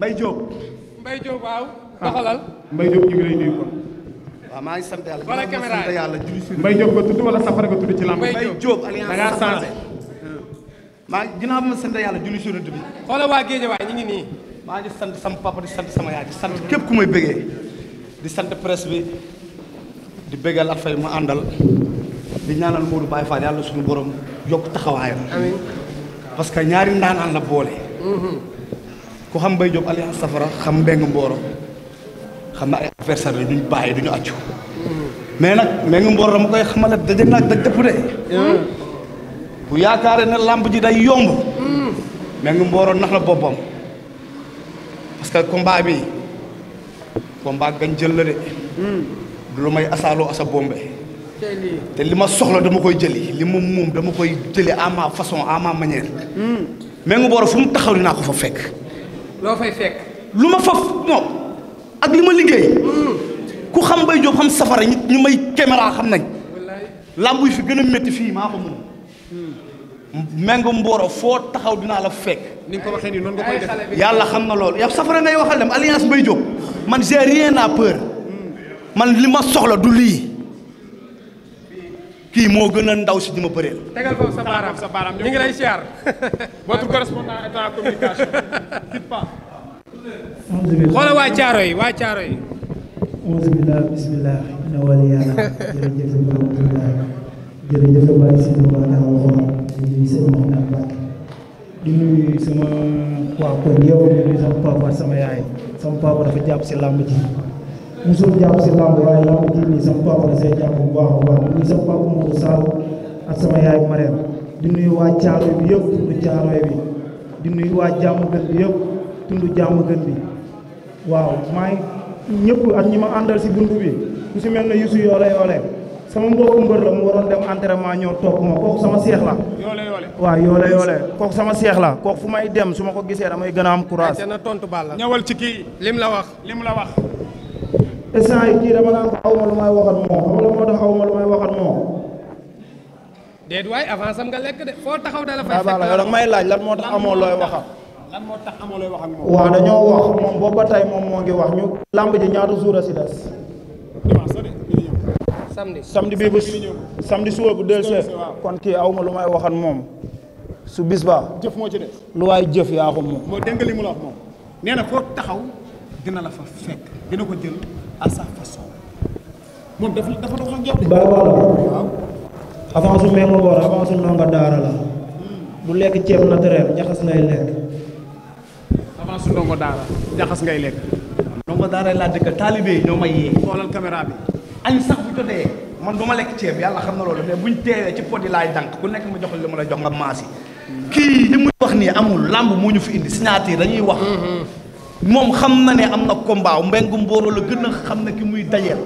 Mbaye Diop. Mbaye Diop waaw. doxalal ah, Mbaye Diop ñu ngi lay nuyu waaw maa ngi sant yàlla. wala caméra yi yàlla julli si. Mbaye Diop nga tudd wala safara nga tudd ci hmm. maa ngi sant yàlla julli si yonent bi. xoolal waa Géeja waay ñu ngi nii. maa ngi sant sama papa di sant sama yaay di sant képp ku may bëggee. di sant presse bi di bëggal at mu àndal di ñaanal Modou Baye Fall yàlla suñu borom yokk taxawaayam. amiin parce que ñaari ndaanaan la boole. Hmm. ku xam bay Diop alias Safara xam Mbengue Mboro xam na ay adversaire la duñ du ñu accu mais nag Mbengue Mboro dama koy xamale daje naag daj dëpp de bu yaakaare ne làmb ji day yomb Mbengue Mboro nax na boppam parce que combat bi combat gañ jël la de du lu may asaaloo asa bombe te li ma soxla dama koy jëli li ma moom dama koy jëli à façon à ma manière Mbengue fu mu taxaw dinaa ko fa fekk loo fay fekk lu ma fa moom ak li ma liggéey mm. ku xam bay jóob xam safara nit ñu may caméra xam nañ làmb yi fi gën a métti fii maa ko mën mm. mengu mbooro foo taxaw dinaa la fekk. ni nga ko waxee nii noonu nga yàlla xam na loolu yow safara ngay waxal dem alliance Mbaye Diop man j'ai rien à mm. man li ma soxla du lii. kii moo gën a ndaw si di ma bëreel. ngi lay siyaar. votre correspondant état communication. xoolal waa Caaro yi waa Caaro yi. alhamdulilah bisimilah. na wala yàlla jërëjëf alhamdulilah jërëjëf waay si wàllu waxoon di nuyu seen Mouhamed Mbacke di nuyu sama waa koñ sama papa sama yaay sama papa dafa jàpp si làmb ji. mosul jàpp si làmb waaye làmb ji nii sama papa la see jàpp bu baax a baax di nuyu sama papa Modou Sall ak sama yaay Marème di nuyu waa Caaroy bi yëpp tund Caaroy bi di nuyu waa jàmm gën bi yëpp tund jàmm gën bi waaw maa ñëpp ak ñi ma àndal si buntu bi ku si mel ne Youssou yoole yoole sama mbokku mbër la mu waroon dem entraînement ñoo topp ma kooku sama seex la. yoole yoole kooku sama seex kooku fu may dem su ma ko gisee damay gën a am courage. te tontu baal instant yi kii dama naan ko aw lu may waxat moo xam la moo tax aw ma lu may waxat moo. déet waay avance am foo taxaw da la fay laaj lan moo tax amoo looy waxat. lan moom. waaw ba tey moom moo ngi wax ñu. làmb ji ñaata suur a si des. samedi samedi bii bu samedi suba bu deux heures kon kii aw lu may waxat moom. su bis ba. jëf ci des. lu waay jëf yaa ko moom. nee na foo taxaw dina la à sa façon moom ba dafa dox ak yow de. baax la waaw. avance su meeku boor avance su ndongo daara la bu hmm. lekk ceeb naturel jaxas ngay lekk. avance su ndongo daara jaxas ngay lekk. ndongo daara laa dëkk taalibe yi ñoo ma yee. xoolal bi. añ sax bu jotee man ma lekk ceeb yàlla xam na loolu mais buñ ci pot laay dànk ku nekk jox li ma la jox maas yi. Hmm. kii li wax nii amul làmb moo ñu fi indi signature dañuy wax. Hmm, moom xam na ne am na combat mbengu mbooro la gën a xam ne ki muy dajeel.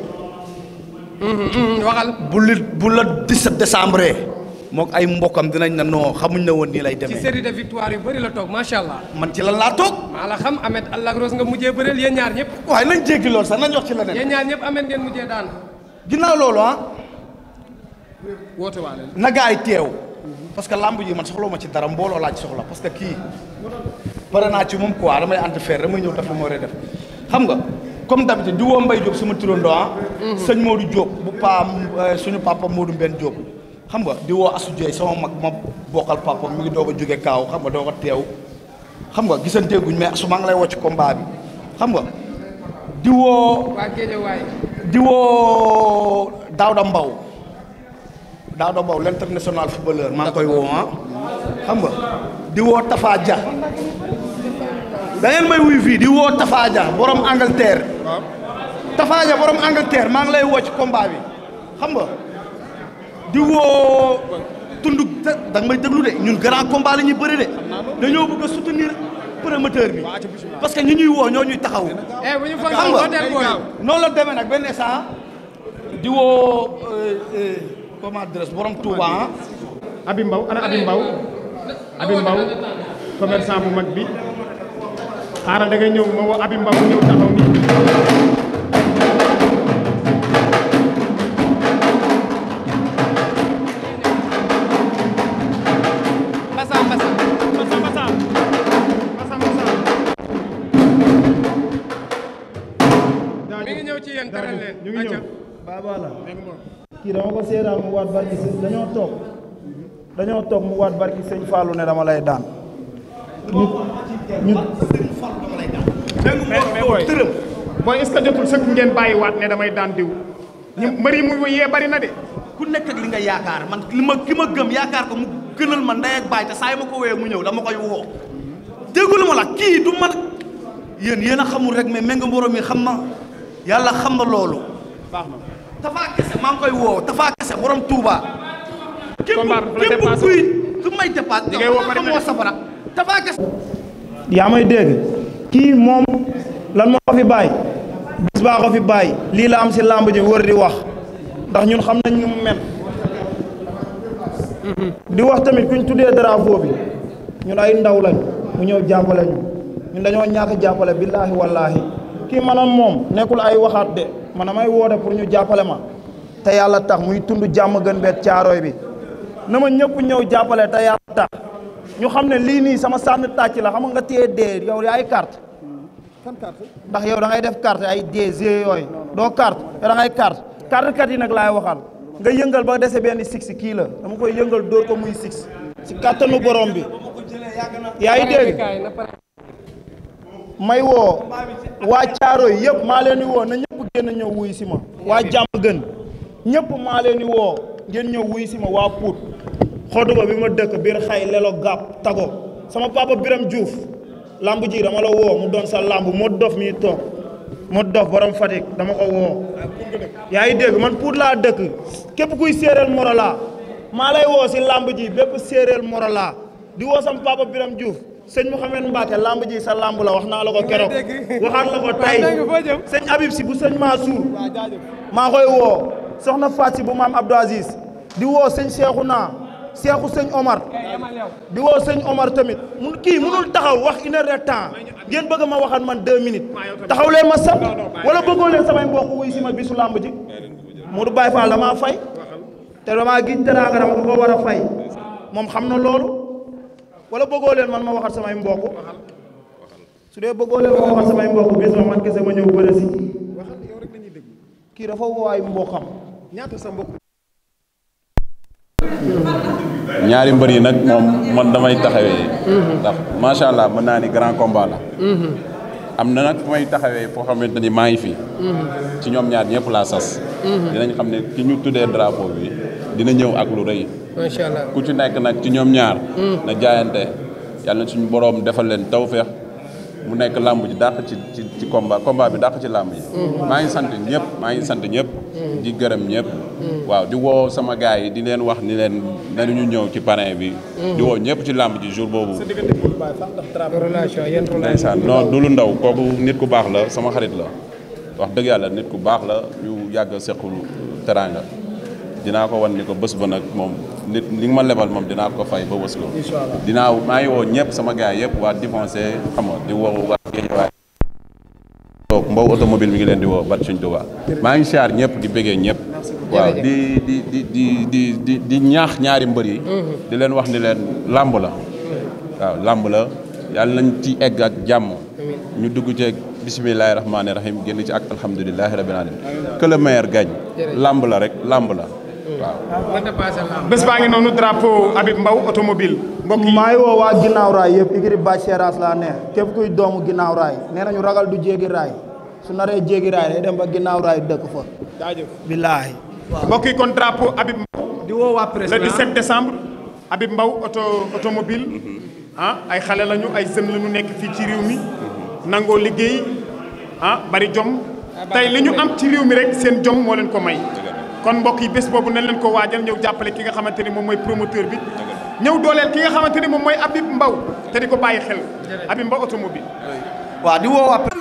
Mm-hmm, mm-hmm, waxal bu li bu la 17 décembre. mook ay mbokkam dinañ na noo xamuñ na woon nii lay demee. ci série de victoire la toog macha allah. man ci lan laa toog. la xam Ahmed Allah Rose nga mujjee ñaar ñëpp. waaye nañ jéggi lool sax nañ wax ci leneen. yéen ñaar ñëpp Ahmed ngeen mujjee daan. ginnaaw loolu ah. woote waale na teew. parce que lamb ji man soxla ma ci dara mbooloo laaj soxla parce que kii. pare naa ci moom quoi damay ànd faire damay ñëw def lu ma def xam nga comme d'habitude di woo Mbaye Diop sama turandoo ah. Mhm. sëñ Modou Diop bu pa euh, suñu papa Modou Mbène Diop. xam nga di woo Assou Dieye sama mag ma bokkal papa mi ngi doog a jóge kaaw xam nga doog a teew xam nga gisanteeguñ mais Assou maa ngi lay woo ci xam nga di Mbaw Daouda Mbaw l'international footballeur maa ngi koy woo ah. xam nga di woo Tafa da ngeen may wuyu fii diwoo woo Tafa Dia borom Angleterre. waaw Tafa Dia maa ngi lay woo ci combat bi xam nga di woo tund da nga may déglu de ñun grand combat la ñuy bëri de dañoo bëgg a soutenir promoteur bi parce que ñi ñuy woo ñoo ñuy taxaw. Eh, xam nga noonu la demee nag benn instant di woo euh, euh, comment dirais borom Touba ah. Abi Mbaw ana Abi Mbaw Abi Mbaw commerçant mag bi. xaaral da ngay ñëw ma woo Habib Mbaw ñëw taxaw nii ñu ngi ñëw baabaa la kii dama ko seetaan mu waat barki sëñ dañoo toog dañoo toog mu waat barki sëñ Fallou ne dama lay daan ñu ñu falu dama lay daan. dégg booy est-ce que jotul sëkk ngeen bàyyiwaat ne damay daan diw. ñu mbëri mu yee bari na de. ku nekk ak li nga yaakaar man li ma ki ma gëm yaakaar ko mu gënal ma ndey ak baay te saa yi ma ko wooyee mu ñëw dama koy woo. déglu ma la kii du man yéen yéen a xamul rek mais Mbengue Mboro mi xam na yàlla xam na loolu. baax na Tafa Kese maa ngi koy woow Tafa Kese borom tuuba combat la dépassé képp kuy su may dépassé. li ngay woo bari na de Tafa Kese. yaa may dégg kii moom lan ma ko fi bàyyi bis baa ko fi bàyyi lii la am si làmb ji wër di wax ndax ñun xam nañ ñu mu di wax tamit kuñ tuddee drapeau bi ñun ay ndaw lañ mu ñëw jàppale ñu ñun dañoo ñàkk jàppale billaahi wallaahi kii maanaam moom nekkul ay waxaat de man damay woote pour ñu jàppale ma te yàlla tax muy tund jàmm gën beet caarooy bi na ma ñëpp ñëw jàppale te yàlla tax ñu xam ne lii nii sama sànn tàcc la xam nga téye dee yow yaay carte ndax yow dangay def carte ay DG yooyu doo carte yow da ngay carte carte kat yi nag laay waxal nga yëngal ba dese benn six kii la dama koy yëngal dóor ko muy six ci kattanu borom bi yaa ngi dégg may woo waa caaro yi yëpp maa leen di woo na ñëpp génn ñëw wuy si ma waa jàmm gën ñëpp maa leen di woo ngeen ñëw wuy si ma waa puut xoduba bi ma dëkk biir xay lelo gàpp tago sama papa Biram Diouf lamb ji dama la woo mu doon sa lamb Modou Dof mi toog Modou Dof borom Fatick dama ko woo yaa ngi dégg man Pout laa dëkk képp kuy séeréel Morola maa lay woo si làmb ji bépp séeréel Morola di woo sama papa Biram Diouf sëñ Mouhamed Mbacke lamb ji sa lamb la wax naa la ko keroog waxaat la ko tay sëñ Habib si bu sëñ Mansour maa koy woo soxna Faty bu maam Abdou Aziz di woo sëñ Cheikhouna seexu sëñ Omar di woo sëñ Omar tamit mun kii munul taxaw wax une heure de temps ngeen bëgg ma waxaat man deux minutes taxaw leen ma sant wala bëggoo leen samay mbokk wuy si ma bisu làmb ji Modou Baye Fall damaa fay te damaa giñ teraanga dama ko war a fay moom xam na loolu wala bëggoo leen man ma waxaat samay mbokk su dee bëggoo leen ma waxaat samay mbokk bis ma man kese ma ñëw bëre si kii dafa woo ay mbokkam ñaata ñaari mbër yi nag moom man damay taxawee. ndax macha allah mën naa ni grand combat la. am na nag fu may taxawee foo xamante ni maa ngi fi. ci ñoom ñaar ñëpp laa sas. dinañ xam ne ki ñu tuddee drapeau bi dina ñëw ak lu rëy. ku ci nekk nag ci ñoom ñaar. Hmm. na jaayante yàlla na suñu boroom defal leen tawféex mu nekk làmb ji dàq ci ci ci combat combat bi dàq ci làmb yi. Hmm. maa ngi sant ñëpp maa ngi sant ñëpp. di mm. gërëm ñëpp. Mm. waaw di woo sama gars yi di leen wax ni leen ñu ñëw ci parrain bi. Mm. di woo ñëpp ci làmb ji jour boobu. ndeysaan non du lu ndaw kooku nit ku baax la sama xarit la wax dëgg yàlla nit ku baax la ñu yàgg a sequl teraanga dinaa ko wan ni ko bés ba nag moom nit ni nga ma lebal moom dinaa ko fay ba bés ko. dinaa maa ngi woo ñëpp sama gars yëpp waa défoncé xam di woo waa Guédiawaye mbaw automobile mi ngi leen di woo bat suñ Tuubaa maa ngi siyaar ñëpp di bëggee ñëpp waaw di di di di di ñaax ñaari mbër yi di leen wax ni leen làmb la waaw làmb la yàlla nañ ci egg ak jàmm ñu dugg ci bisimilahi rahmaani rahim génn ci ak alhamdulilahi rabbil alamin que le làmb la rek làmb la mm. waaw. bés baa ngi noonu drapeau Habib Mbaw automobile maa ngi woo waa ginnaaw raay yëpp igri bâche seeraas laa ne képp kuy doomu ginnaaw raay nee nañu ragal du su naree jéegi raay day dem ba ginnaaw raay dëkk fa. jaajëf billaahi. waaw mbokk yi kon drapeau Habib Mbaw. di woo waa presse le 17 ah. décembre. Habib Mbaw auto automobile mhm. ah ay xale lañu ay jeunes lañu nekk fii ci réew mi. nangoo liggéey ah bari jom. Ah, tey li ñu am ci réew mi rek seen jom moo leen ko may. kon mbokk yi bés boobu nañ leen ko waajal ñëw jàppale ki nga xamante ni moom mooy promoteur bi. ñëw dooleel ki nga xamante ni moom mooy Habib Mbaw te di ko bàyyi xel. Habib Mbaw automobile waaw di woo